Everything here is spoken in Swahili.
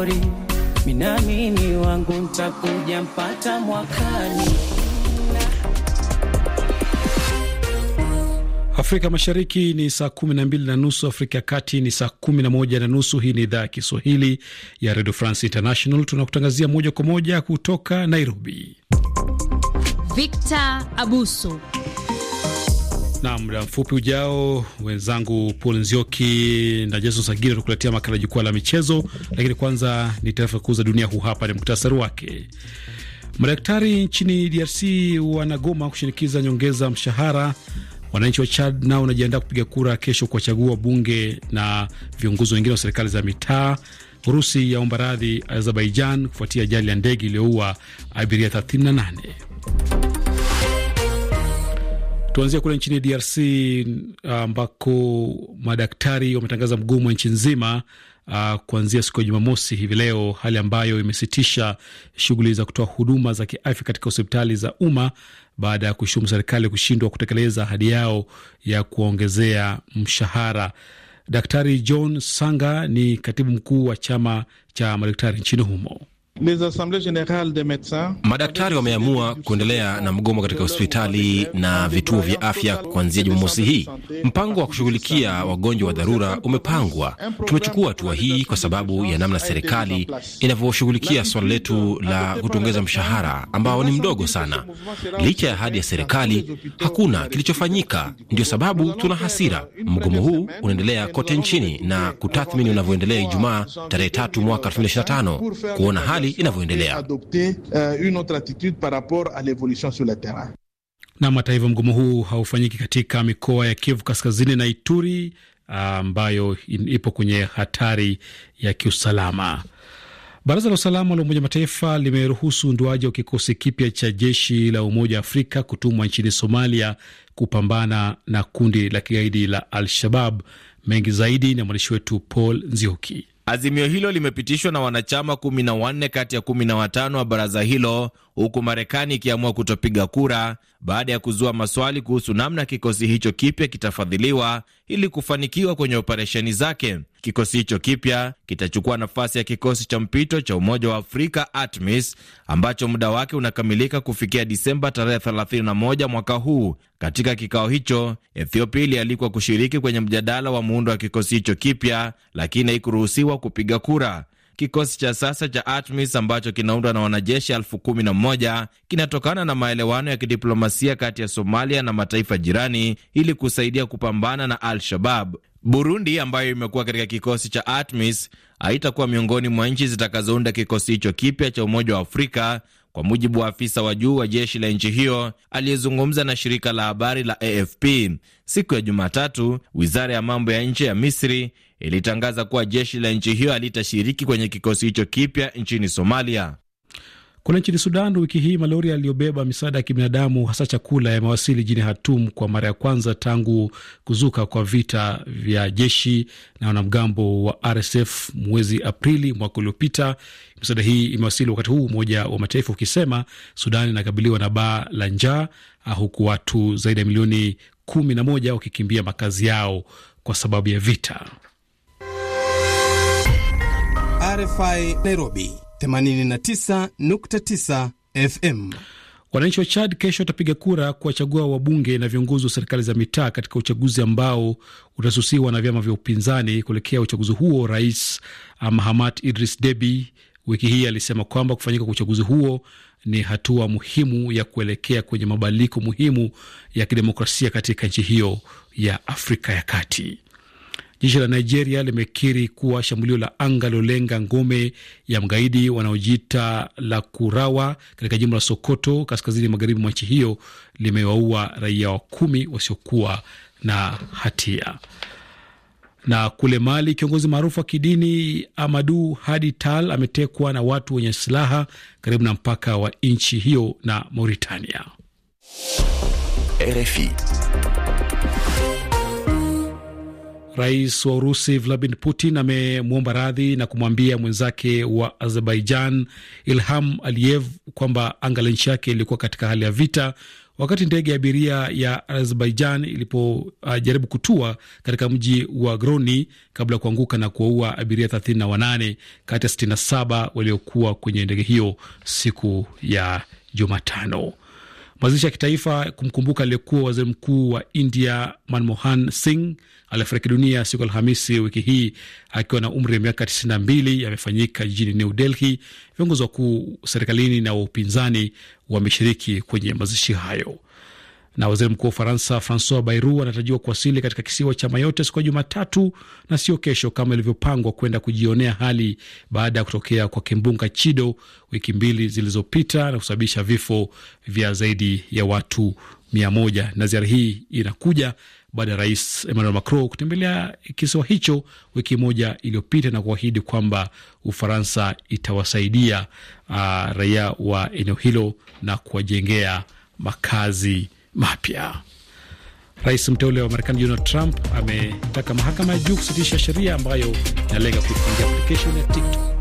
pori, minamini wangu ntakuja mpata mwakani. Afrika Mashariki ni saa kumi na mbili na nusu, Afrika ya Kati ni saa kumi na moja na nusu. Hii ni idhaa ya Kiswahili ya redio France International, tunakutangazia moja kwa moja kutoka Nairobi. Victor Abuso na muda mfupi ujao, wenzangu Paul Nzioki na Jason Sagira tukuletea makala jukwaa la michezo, lakini kwanza ni taarifa kuu za dunia. Huu hapa ni muktasari wake. Madaktari nchini DRC wanagoma kushinikiza nyongeza mshahara. Wananchi wa Chad nao wanajiandaa kupiga kura kesho kuwachagua bunge na viongozi wengine wa serikali za mitaa. Urusi yaomba radhi Azerbaijan kufuatia ajali ya ndege iliyoua abiria 38. Tuanzie kule nchini DRC uh, ambako madaktari wametangaza mgomo wa nchi nzima uh, kuanzia siku ya Jumamosi hivi leo, hali ambayo imesitisha shughuli za kutoa huduma za kiafya katika hospitali za umma baada ya kushutumu serikali kushindwa kutekeleza ahadi yao ya kuongezea mshahara. Daktari John Sanga ni katibu mkuu wa chama cha madaktari nchini humo. Madaktari wameamua kuendelea na mgomo katika hospitali na vituo vya afya kuanzia Jumamosi hii. Mpango wa kushughulikia wagonjwa wa dharura umepangwa. Tumechukua hatua hii kwa sababu ya namna serikali inavyoshughulikia swala letu la kutuongeza mshahara ambao ni mdogo sana. Licha ya ahadi ya serikali, hakuna kilichofanyika. Ndio sababu tuna hasira. Mgomo huu unaendelea kote nchini na kutathmini unavyoendelea Ijumaa tarehe tatu mwaka 2025 kuona hali hali inavyoendelea. Euh, Nam, hata hivyo, mgomo huu haufanyiki katika mikoa ya Kivu Kaskazini na Ituri ah, ambayo ipo kwenye hatari ya kiusalama. Baraza la usalama la Umoja Mataifa limeruhusu undoaji wa kikosi kipya cha jeshi la Umoja wa Afrika kutumwa nchini Somalia kupambana na kundi la kigaidi la Al-Shabab. Mengi zaidi na mwandishi wetu Paul Nzioki. Azimio hilo limepitishwa na wanachama 14 kati ya 15 wa baraza hilo, huku Marekani ikiamua kutopiga kura baada ya kuzua maswali kuhusu namna kikosi hicho kipya kitafadhiliwa ili kufanikiwa kwenye operesheni zake. Kikosi hicho kipya kitachukua nafasi ya kikosi cha mpito cha Umoja wa Afrika ATMIS ambacho muda wake unakamilika kufikia Disemba tarehe 31 mwaka huu. Katika kikao hicho, Ethiopia ilialikwa kushiriki kwenye mjadala wa muundo wa kikosi hicho kipya, lakini haikuruhusiwa kupiga kura. Kikosi cha sasa cha ATMIS ambacho kinaundwa na wanajeshi elfu kumi na moja kinatokana na maelewano ya kidiplomasia kati ya Somalia na mataifa jirani ili kusaidia kupambana na Al-Shabab. Burundi ambayo imekuwa katika kikosi cha ATMIS haitakuwa miongoni mwa nchi zitakazounda kikosi hicho kipya cha Umoja wa Afrika, kwa mujibu wa afisa wa juu wa jeshi la nchi hiyo aliyezungumza na shirika la habari la AFP siku ya Jumatatu. Wizara ya mambo ya nje ya Misri ilitangaza kuwa jeshi la nchi hiyo halitashiriki kwenye kikosi hicho kipya nchini Somalia. Kule nchini Sudan, wiki hii malori yaliyobeba misaada ya kibinadamu hasa chakula yamewasili jini Hatum kwa mara ya kwanza tangu kuzuka kwa vita vya jeshi na wanamgambo wa RSF mwezi Aprili mwaka uliopita. Misaada hii imewasili wakati huu Umoja wa Mataifa ukisema Sudan inakabiliwa na baa la njaa, ah, huku watu zaidi ya milioni kumi na moja wakikimbia makazi yao kwa sababu ya vita. RFI Nairobi 89.9 FM. Wananchi wa Chad kesho watapiga kura kuwachagua wabunge na viongozi wa serikali za mitaa katika uchaguzi ambao utasusiwa na vyama vya upinzani. Kuelekea uchaguzi huo, Rais Mahamat Idris Deby wiki hii alisema kwamba kufanyika kwa uchaguzi huo ni hatua muhimu ya kuelekea kwenye mabadiliko muhimu ya kidemokrasia katika nchi hiyo ya Afrika ya Kati. Jeshi la Nigeria limekiri kuwa shambulio la anga lilolenga ngome ya mgaidi wanaojiita la Kurawa katika jimbo la Sokoto, kaskazini magharibi mwa nchi hiyo limewaua raia wa kumi wasiokuwa na hatia. Na kule Mali, kiongozi maarufu wa kidini Amadu Hadi Tal ametekwa na watu wenye silaha karibu na mpaka wa nchi hiyo na Mauritania. RFI. Rais wa Urusi Vladimir Putin amemwomba radhi na kumwambia mwenzake wa Azerbaijan Ilham Aliyev kwamba anga la nchi yake ilikuwa katika hali ya vita wakati ndege ya abiria ya Azerbaijan ilipojaribu uh, kutua katika mji wa groni kabla ya kuanguka na kuwaua abiria 38 kati ya 67 waliokuwa kwenye ndege hiyo siku ya Jumatano. Mazishi ya kitaifa kumkumbuka aliyekuwa waziri mkuu wa India Manmohan Singh aliyefariki dunia siku Alhamisi wiki hii akiwa na umri wa miaka 92 yamefanyika jijini New Delhi. Viongozi wakuu serikalini na wa upinzani wameshiriki kwenye mazishi hayo na waziri mkuu wa Ufaransa Francois Bayrou anatarajiwa kuwasili katika kisiwa cha Mayotte siku ya Jumatatu na sio kesho kama ilivyopangwa, kwenda kujionea hali baada ya kutokea kwa kimbunga Chido wiki mbili zilizopita na kusababisha vifo vya zaidi ya watu mia moja. Na ziara hii inakuja baada ya rais Emmanuel Macron kutembelea kisiwa hicho wiki moja iliyopita na kuahidi kwamba Ufaransa itawasaidia uh, raia wa eneo hilo na kuwajengea makazi mapya. Rais mteule wa Marekani Donald Trump ametaka mahakama ya juu kusitisha sheria ambayo inalenga kuifungia application ya TikTok.